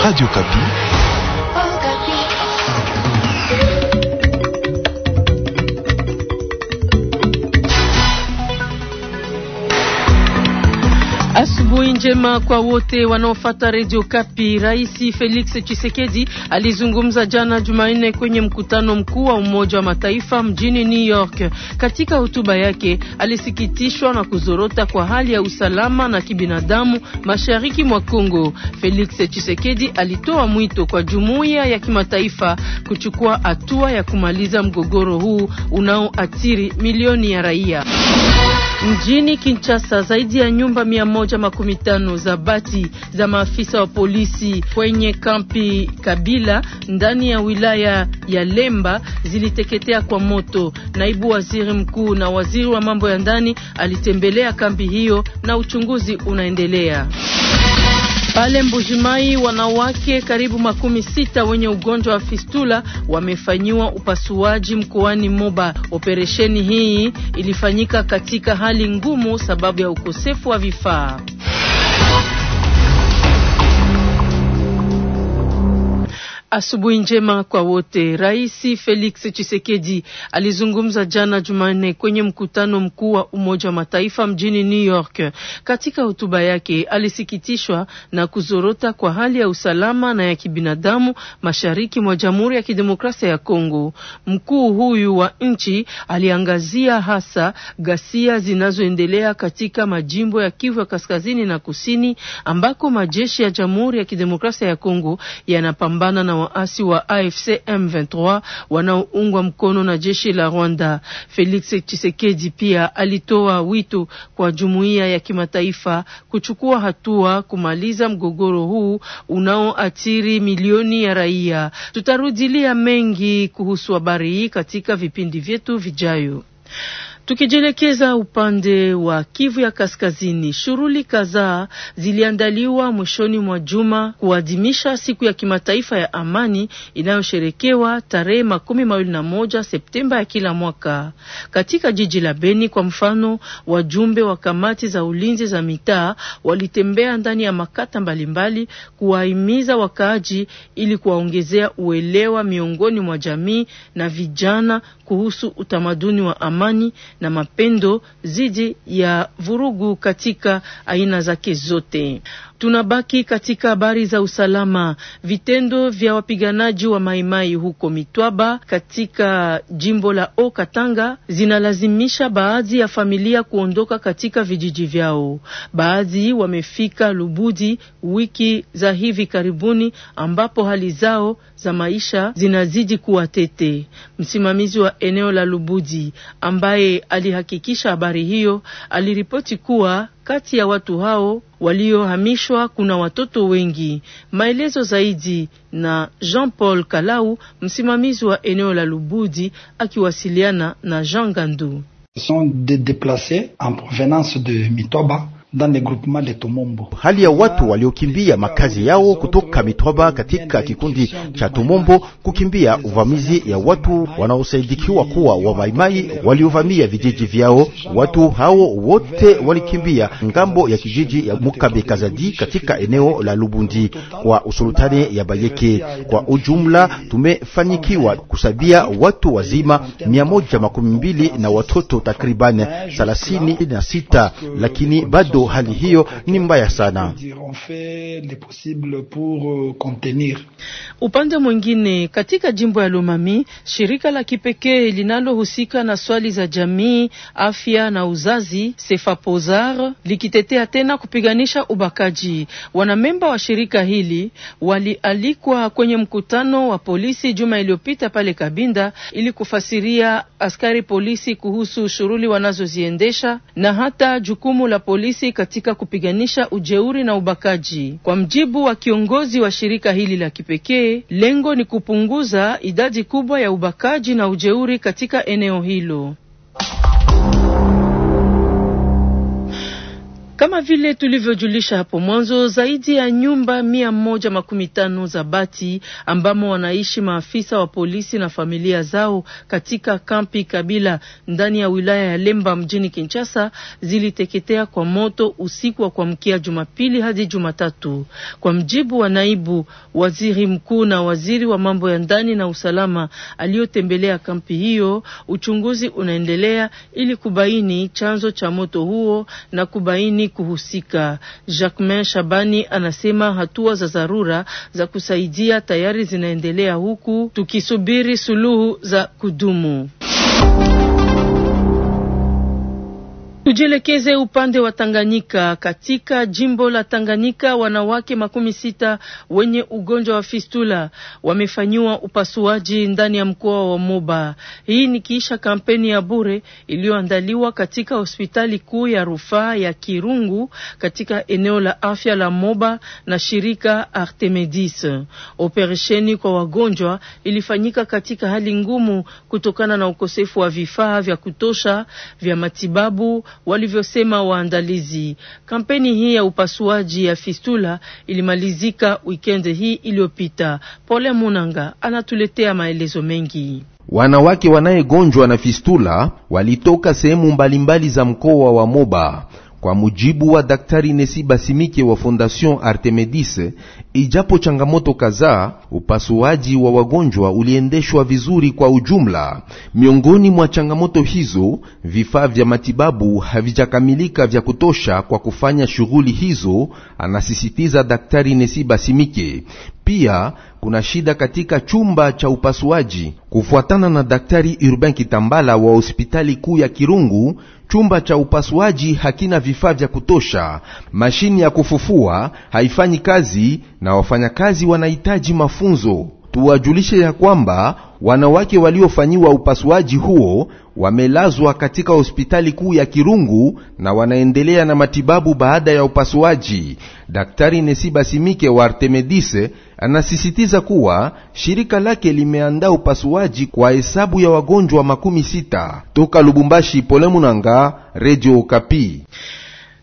Radio Kapi. njema kwa wote wanaofata redio Kapi. Rais Felix Chisekedi alizungumza jana Jumanne kwenye mkutano mkuu wa Umoja wa Mataifa mjini New York. Katika hotuba yake, alisikitishwa na kuzorota kwa hali ya usalama na kibinadamu mashariki mwa Kongo. Felix Chisekedi alitoa mwito kwa jumuiya ya kimataifa kuchukua hatua ya kumaliza mgogoro huu unaoathiri milioni ya raia. Mjini Kinshasa zaidi ya nyumba mia moja za bati za maafisa wa polisi kwenye kampi Kabila ndani ya wilaya ya Lemba ziliteketea kwa moto. Naibu waziri mkuu na waziri wa mambo ya ndani alitembelea kambi hiyo na uchunguzi unaendelea. Pale Mbujimai wanawake karibu makumi sita wenye ugonjwa wa fistula wamefanyiwa upasuaji mkoani Moba. Operesheni hii ilifanyika katika hali ngumu sababu ya ukosefu wa vifaa. Asubuhi njema kwa wote. Rais Felix Tshisekedi alizungumza jana Jumanne kwenye mkutano mkuu wa Umoja wa Mataifa mjini New York. Katika hotuba yake, alisikitishwa na kuzorota kwa hali ya usalama na ya kibinadamu mashariki mwa Jamhuri ya Kidemokrasia ya Kongo. Mkuu huyu wa nchi aliangazia hasa ghasia zinazoendelea katika majimbo ya Kivu ya Kaskazini na Kusini ambako majeshi ya Jamhuri ya Kidemokrasia ya Kongo yanapambana na waasi wa AFC M23 wanaoungwa mkono na jeshi la Rwanda. Felix Tshisekedi pia alitoa wito kwa jumuiya ya kimataifa kuchukua hatua kumaliza mgogoro huu unaoathiri milioni ya raia. Tutarudilia mengi kuhusu habari hii katika vipindi vyetu vijayo. Tukijielekeza upande wa Kivu ya Kaskazini, shughuli kadhaa ziliandaliwa mwishoni mwa juma kuadhimisha siku ya kimataifa ya amani inayosherekewa tarehe makumi mawili na moja Septemba ya kila mwaka. Katika jiji la Beni kwa mfano, wajumbe wa kamati za ulinzi za mitaa walitembea ndani ya makata mbalimbali kuwahimiza wakaaji ili kuwaongezea uelewa miongoni mwa jamii na vijana kuhusu utamaduni wa amani na mapendo dhidi ya vurugu katika aina zake zote. Tunabaki katika habari za usalama. Vitendo vya wapiganaji wa maimai huko Mitwaba katika jimbo la O Katanga zinalazimisha baadhi ya familia kuondoka katika vijiji vyao. Baadhi wamefika Lubudi wiki za hivi karibuni, ambapo hali zao za maisha zinazidi kuwa tete. Msimamizi wa eneo la Lubudi ambaye alihakikisha habari hiyo aliripoti kuwa kati ya watu hao waliohamishwa kuna watoto wengi. Maelezo zaidi na Jean Paul Kalau, msimamizi wa eneo la Lubudi, akiwasiliana na Jean Gandu. sont des déplacés en provenance de Mitoba hali ya watu waliokimbia makazi yao kutoka Mitwaba katika kikundi cha Tumombo kukimbia uvamizi ya watu wanaosaidikiwa kuwa Wamaimai waliovamia vijiji vyao. Watu hao wote walikimbia ngambo ya kijiji ya Mukabe Kazadi katika eneo la Lubundi kwa usultani ya Bayeke. Kwa ujumla, tumefanyikiwa kusabia watu wazima mia moja makumi mbili na watoto takriban thelathini na sita lakini bado watoto, hali hiyo ni mbaya sana. Euh, Upande mwingine, katika jimbo ya Lomami, shirika la kipekee linalohusika na swali za jamii, afya na uzazi, Sefapozar, likitetea tena kupiganisha ubakaji. Wanamemba wa shirika hili walialikwa kwenye mkutano wa polisi juma iliyopita pale Kabinda ili kufasiria askari polisi kuhusu shughuli wanazoziendesha na hata jukumu la polisi serikali katika kupiganisha ujeuri na ubakaji. Kwa mjibu wa kiongozi wa shirika hili la kipekee, lengo ni kupunguza idadi kubwa ya ubakaji na ujeuri katika eneo hilo. Kama vile tulivyojulisha hapo mwanzo, zaidi ya nyumba mia moja makumi tano za bati ambamo wanaishi maafisa wa polisi na familia zao katika kampi Kabila ndani ya wilaya ya Lemba mjini Kinshasa ziliteketea kwa moto usiku wa kuamkia Jumapili hadi Jumatatu, kwa mjibu wa naibu waziri mkuu na waziri wa mambo ya ndani na usalama aliyotembelea kampi hiyo. Uchunguzi unaendelea ili kubaini chanzo cha moto huo na kubaini kuhusika. Jacquemain Shabani anasema hatua za dharura za kusaidia tayari zinaendelea huku tukisubiri suluhu za kudumu. Tujielekeze upande wa Tanganyika. Katika jimbo la Tanganyika, wanawake makumi sita wenye ugonjwa wa fistula wamefanyiwa upasuaji ndani ya mkoa wa Moba. Hii ni kiisha kampeni ya bure iliyoandaliwa katika hospitali kuu ya rufaa ya Kirungu katika eneo la afya la Moba na shirika Artemedis. Operesheni kwa wagonjwa ilifanyika katika hali ngumu kutokana na ukosefu wa vifaa vya kutosha vya matibabu walivyosema waandalizi. Kampeni hii ya upasuaji ya fistula ilimalizika wikendi hii iliyopita. Pole Munanga anatuletea maelezo mengi. Wanawake wanayegonjwa na fistula walitoka sehemu mbalimbali za mkoa wa Moba. Kwa mujibu wa Daktari Nesi Basimike wa Fondation artemedis Ijapo changamoto kadhaa, upasuaji wa wagonjwa uliendeshwa vizuri kwa ujumla. Miongoni mwa changamoto hizo, vifaa vya matibabu havijakamilika vya kutosha kwa kufanya shughuli hizo, anasisitiza Daktari Nesiba Simike. Pia kuna shida katika chumba cha upasuaji. Kufuatana na Daktari Urbain Kitambala wa hospitali kuu ya Kirungu, chumba cha upasuaji hakina vifaa vya kutosha, mashini ya kufufua haifanyi kazi na wafanyakazi wanahitaji mafunzo tuwajulishe ya kwamba wanawake waliofanyiwa upasuaji huo wamelazwa katika hospitali kuu ya Kirungu na wanaendelea na matibabu baada ya upasuaji. Daktari Nesiba Simike wa Artemedise anasisitiza kuwa shirika lake limeandaa upasuaji kwa hesabu ya wagonjwa makumi sita toka Lubumbashi. Pole Munanga, Radio Okapi.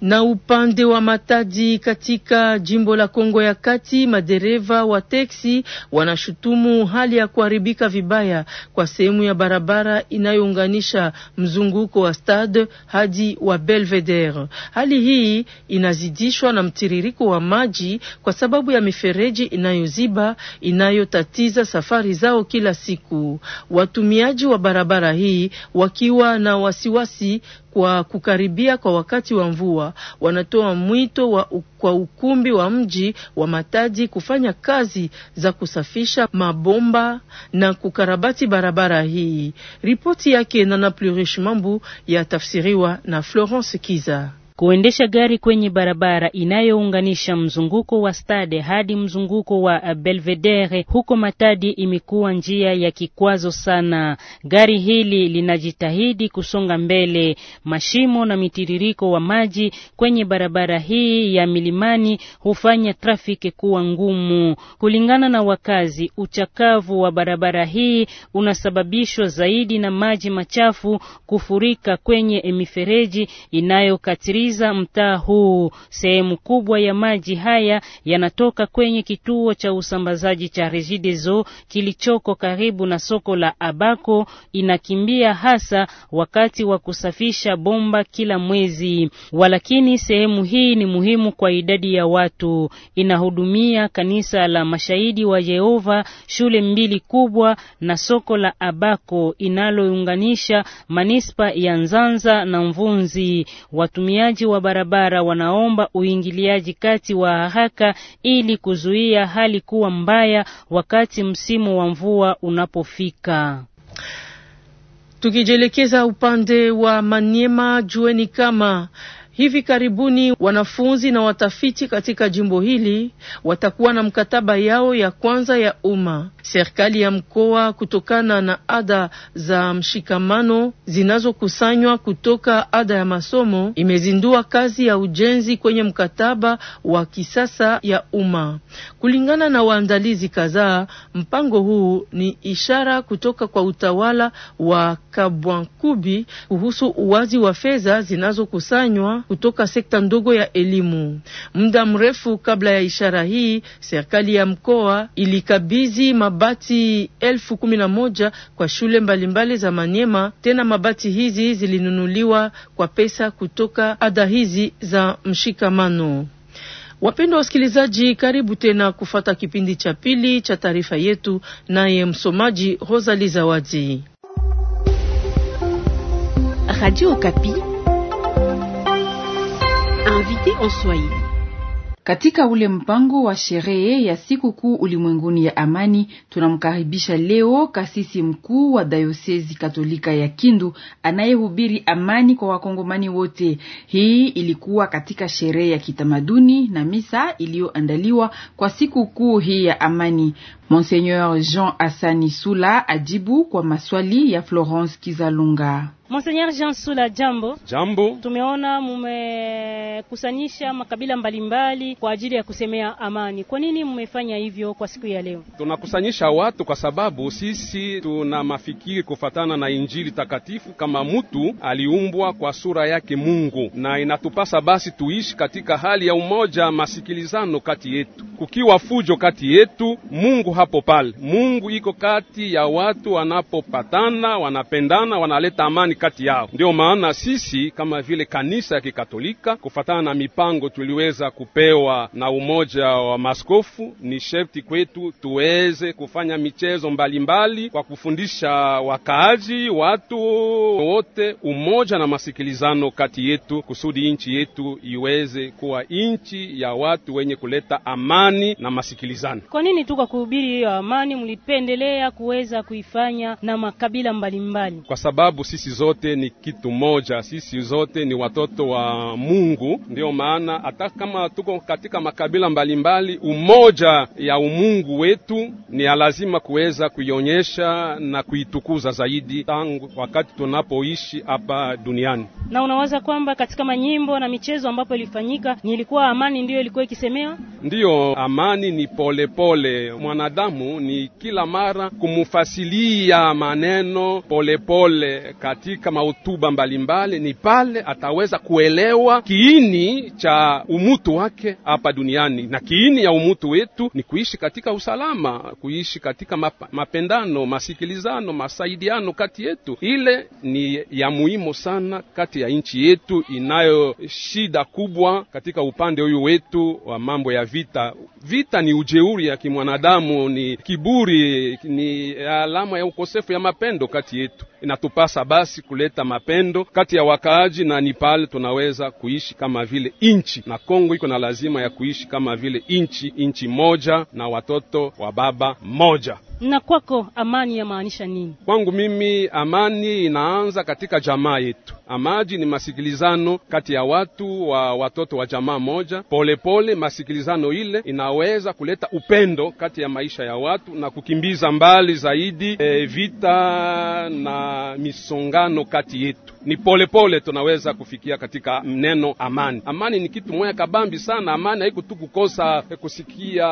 Na upande wa Matadi katika jimbo la Kongo ya Kati, madereva wa teksi wanashutumu hali ya kuharibika vibaya kwa sehemu ya barabara inayounganisha mzunguko wa Stade hadi wa Belvedere. Hali hii inazidishwa na mtiririko wa maji kwa sababu ya mifereji inayoziba inayotatiza safari zao kila siku. Watumiaji wa barabara hii wakiwa na wasiwasi kwa kukaribia kwa wakati wa mvua, wanatoa mwito wa kwa ukumbi wa mji wa mataji kufanya kazi za kusafisha mabomba na kukarabati barabara hii. Ripoti yake Nana Plurish Mambu yatafsiriwa na Florence Kiza. Kuendesha gari kwenye barabara inayounganisha mzunguko wa Stade hadi mzunguko wa Belvedere huko Matadi imekuwa njia ya kikwazo sana. Gari hili linajitahidi kusonga mbele. Mashimo na mitiririko wa maji kwenye barabara hii ya milimani hufanya trafiki kuwa ngumu. Kulingana na wakazi, uchakavu wa barabara hii unasababishwa zaidi na maji machafu kufurika kwenye mifereji inayokatiri kuuliza mtaa huu. Sehemu kubwa ya maji haya yanatoka kwenye kituo cha usambazaji cha Regideso kilichoko karibu na soko la Abako, inakimbia hasa wakati wa kusafisha bomba kila mwezi. Walakini sehemu hii ni muhimu kwa idadi ya watu, inahudumia kanisa la Mashahidi wa Yehova, shule mbili kubwa na soko la Abako inalounganisha manispa ya Nzanza na Mvunzi. Watumiaji watumiaji wa barabara wanaomba uingiliaji kati wa haraka ili kuzuia hali kuwa mbaya wakati msimu wa mvua unapofika. Tukijielekeza upande wa Maniema, jueni kama Hivi karibuni wanafunzi na watafiti katika jimbo hili watakuwa na mkataba yao ya kwanza ya umma. Serikali ya mkoa, kutokana na ada za mshikamano zinazokusanywa kutoka ada ya masomo, imezindua kazi ya ujenzi kwenye mkataba wa kisasa ya umma. Kulingana na waandalizi kadhaa, mpango huu ni ishara kutoka kwa utawala wa Kabwankubi kuhusu uwazi wa fedha zinazokusanywa kutoka sekta ndogo ya elimu. Muda mrefu kabla ya ishara hii, serikali ya mkoa ilikabidhi mabati elfu kumi na moja kwa shule mbalimbali za Manyema. Tena mabati hizi zilinunuliwa kwa pesa kutoka ada hizi za mshikamano. Wapendwa wasikilizaji, karibu tena kufata kipindi cha pili cha taarifa yetu, naye msomaji Rosali Zawadi, Radio Kapi. Invité en Swahili. Katika ule mpango wa sherehe ya sikukuu ulimwenguni ya amani, tunamkaribisha leo kasisi mkuu wa dayosezi Katolika ya Kindu anayehubiri amani kwa wakongomani wote. Hii ilikuwa katika sherehe ya kitamaduni na misa iliyoandaliwa kwa siku kuu hii ya amani. Monseigneur Jean Asani Sula ajibu kwa maswali ya Florence Kizalunga. Monseigneur Jean Sula, jambo. Jambo. Tumeona mumekusanyisha makabila mbalimbali mbali kwa ajili ya kusemea amani. Kwa nini mmefanya hivyo kwa siku ya leo? Tunakusanyisha watu kwa sababu sisi tuna mafikiri kufatana na Injili takatifu kama mtu aliumbwa kwa sura yake Mungu, na inatupasa basi tuishi katika hali ya umoja, masikilizano kati yetu. Kukiwa fujo kati yetu, Mungu hapo pale. Mungu iko kati ya watu, wanapopatana, wanapendana, wanaleta amani kati yao. Ndio maana sisi kama vile kanisa ya Kikatolika, kufatana na mipango tuliweza kupewa na umoja wa maskofu, ni sherti kwetu tuweze kufanya michezo mbalimbali mbali, kwa kufundisha wakaaji watu wote umoja na masikilizano kati yetu, kusudi nchi yetu iweze kuwa nchi ya watu wenye kuleta amani na masikilizano. Kwa nini tu kwa kuhubiri hiyo amani mlipendelea kuweza kuifanya na makabila mbalimbali mbali? Kwa sababu sisi zo zote ni kitu moja, sisi zote ni watoto wa Mungu. ndio maana hata kama tuko katika makabila mbalimbali mbali, umoja ya umungu wetu ni lazima kuweza kuionyesha na kuitukuza zaidi tangu wakati tunapoishi hapa duniani. Na unawaza kwamba katika manyimbo na michezo ambapo ilifanyika nilikuwa amani ndiyo ilikuwa ikisemewa? Ndiyo, amani ni polepole pole. Mwanadamu ni kila mara kumufasilia maneno polepole pole katika katika mahotuba mbalimbali ni pale ataweza kuelewa kiini cha umutu wake hapa duniani, na kiini ya umutu wetu ni kuishi katika usalama, kuishi katika map mapendano, masikilizano, masaidiano kati yetu. Ile ni ya muhimu sana kati ya nchi yetu inayo shida kubwa katika upande huyu wetu wa mambo ya vita. Vita ni ujeuri ya kimwanadamu, ni kiburi, ni alama ya ukosefu ya mapendo kati yetu. Inatupasa basi kuleta mapendo kati ya wakaaji, na Nepal, tunaweza kuishi kama vile inchi, na Kongo iko na lazima ya kuishi kama vile inchi, inchi moja na watoto wa baba moja. Na kwako amani yamaanisha nini? Kwangu mimi amani inaanza katika jamaa yetu. Amaji ni masikilizano kati ya watu wa watoto wa jamaa moja. Polepole pole, masikilizano ile inaweza kuleta upendo kati ya maisha ya watu na kukimbiza mbali zaidi e, vita na misongano no Catieto. ni polepole pole tunaweza kufikia katika neno amani. Amani ni kitu moya kabambi sana. Amani haiko tu kukosa kusikia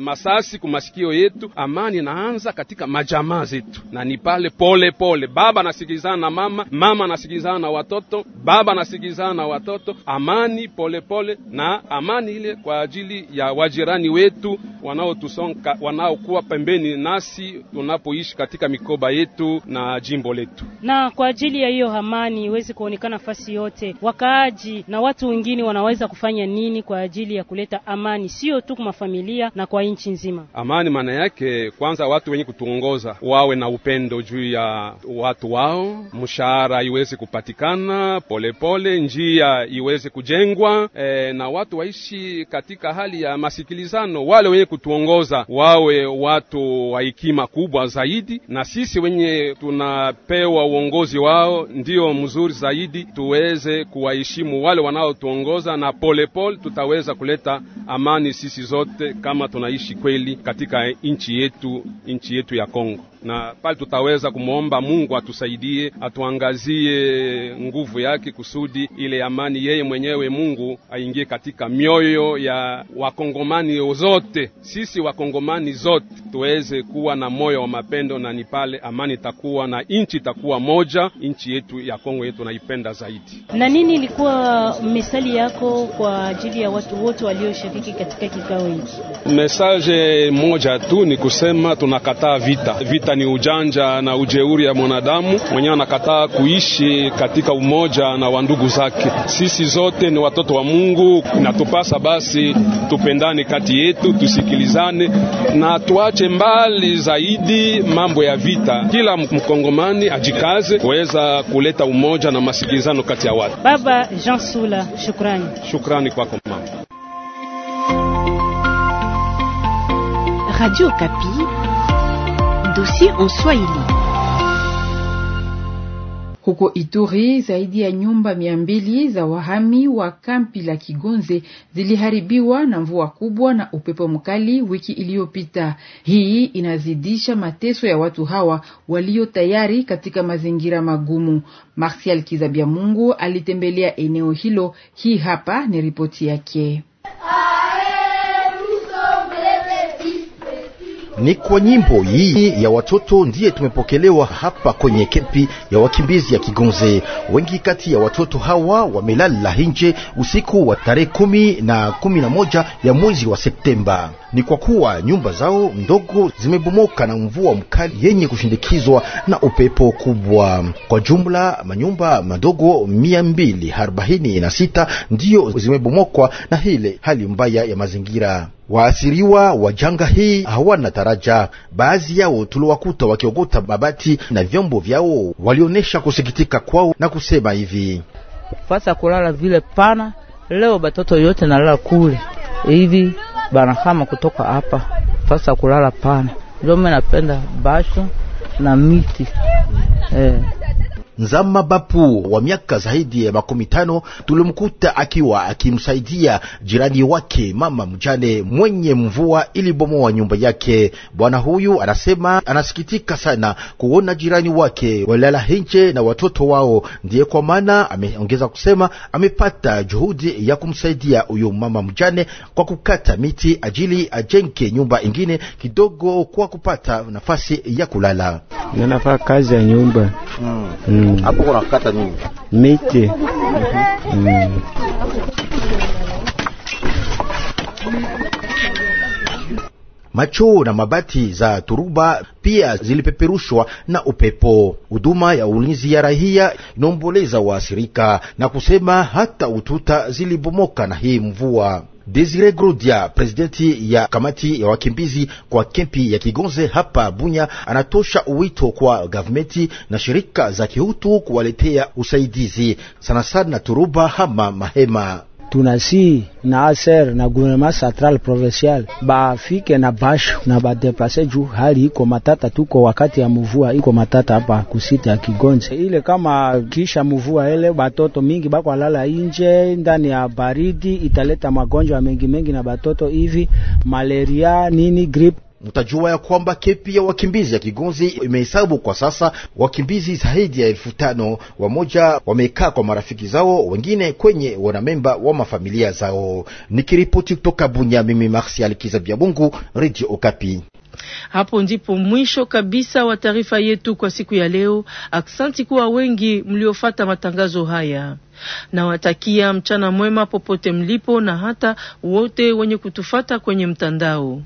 masasi kumasikio yetu. Amani inaanza katika majamaa zetu, na ni pale pole pole, baba anasikilizana na mama, mama anasikilizana na watoto, baba anasikilizana na watoto. Amani polepole pole, na amani ile kwa ajili ya wajirani wetu wanaotusonga, wanaokuwa pembeni nasi tunapoishi katika mikoba yetu na jimbo letu, na kwa ajili ya hiyo amani amani iweze kuonekana nafasi yote. Wakaaji na watu wengine wanaweza kufanya nini kwa ajili ya kuleta amani, sio tu kwa mafamilia na kwa nchi nzima? Amani maana yake kwanza watu wenye kutuongoza wawe na upendo juu ya watu wao, mshahara iweze kupatikana polepole pole, njia iweze kujengwa e, na watu waishi katika hali ya masikilizano. Wale wenye kutuongoza wawe watu wa hekima kubwa zaidi, na sisi wenye tunapewa uongozi wao ndio mzuri zaidi, tuweze kuwaheshimu wale wanaotuongoza, na polepole tutaweza kuleta amani sisi zote, kama tunaishi kweli katika nchi yetu, nchi yetu ya Kongo na pale tutaweza kumwomba Mungu atusaidie, atuangazie nguvu yake kusudi ile amani yeye mwenyewe Mungu aingie katika mioyo ya wakongomani zote, sisi wakongomani zote tuweze kuwa na moyo wa mapendo, na ni pale amani itakuwa na nchi itakuwa moja. Nchi yetu ya Kongo yetu naipenda zaidi. Na nini ilikuwa mesali yako kwa ajili ya watu wote walioshiriki katika kikao hiki? Message moja tu ni kusema tunakataa vita, vita ni ujanja na ujeuri ya mwanadamu mwenyewe, anakataa kuishi katika umoja na wandugu zake. Sisi zote ni watoto wa Mungu, inatupasa basi tupendane kati yetu, tusikilizane na tuache mbali zaidi mambo ya vita. Kila mkongomani ajikaze kuweza kuleta umoja na masikilizano kati ya watu. Baba Jean Sula, shukrani. Shukrani kwako mama. Radio Kapi dossier en Swahili. Huko Ituri zaidi ya nyumba mia mbili za wahami wa kampi la Kigonze ziliharibiwa na mvua kubwa na upepo mkali wiki iliyopita. Hii inazidisha mateso ya watu hawa walio tayari katika mazingira magumu. Martial Kizabia Mungu alitembelea eneo hilo. Hii hapa ni ripoti yake. Ah! Ni kwa nyimbo hii ya watoto ndiye tumepokelewa hapa kwenye kempi ya wakimbizi ya Kigonze. Wengi kati ya watoto hawa wamelala nje usiku wa tarehe kumi na kumi na moja ya mwezi wa Septemba. Ni kwa kuwa nyumba zao ndogo zimebomoka na mvua mkali yenye kushindikizwa na upepo kubwa. Kwa jumla manyumba madogo mia mbili arobaini na sita ndiyo zimebomokwa na hile hali mbaya ya mazingira. Waasiriwa wa janga hii hawana taraja. Baadhi yao tuliwakuta wakiogota mabati na vyombo vyao, walionyesha kusikitika kwao na kusema hivi: fasa kulala vile pana leo, batoto yote nalala kule hivi, banahama kutoka hapa, fasa kulala pana. Ndio mimi napenda basho na miti eh. Nzama Bapu wa miaka zaidi ya makumi tano tulimkuta akiwa akimsaidia jirani wake mama mjane mwenye mvua ilibomoa nyumba yake. Bwana huyu anasema anasikitika sana kuona jirani wake walala hinje na watoto wao, ndiye kwa maana ameongeza kusema amepata juhudi ya kumsaidia huyu mama mjane kwa kukata miti ajili ajenge nyumba ingine kidogo kwa kupata nafasi ya kulala. Ninafaa kazi ya nyumba hmm. Mm. Mm. hapo kuna kata nini miti mm. Macho na mabati za turuba pia zilipeperushwa na upepo. Huduma ya ulinzi ya rahia inaomboleza waasirika na kusema hata ututa zilibomoka na hii mvua. Desire Grodia, presidenti ya kamati ya wakimbizi kwa kempi ya Kigonze hapa Bunya, anatosha uwito kwa gavumenti na shirika za kiutu kuwaletea usaidizi sana sana turuba hama mahema tunasi na aser na gouvernement central provincial bafike na basho na badeplace juu hali iko matata. Tuko wakati ya mvua iko matata hapa kusita ya Kigonze ile, kama kisha mvua ele batoto mingi bako alala inje ndani ya baridi, italeta magonjwa mengi mengi na batoto hivi malaria nini grip Mtajua ya kwamba kepi ya wakimbizi ya Kigonzi imehesabu kwa sasa wakimbizi zaidi ya elfu tano. Wamoja wamekaa kwa marafiki zao, wengine kwenye wanamemba wa mafamilia zao. Nikiripoti kutoka Bunya, mimi Marsial Kizabia Mungu, redio Okapi. Hapo ndipo mwisho kabisa wa taarifa yetu kwa siku ya leo. Aksanti kuwa wengi mliofata matangazo haya. Nawatakia mchana mwema popote mlipo, na hata wote wenye kutufata kwenye mtandao.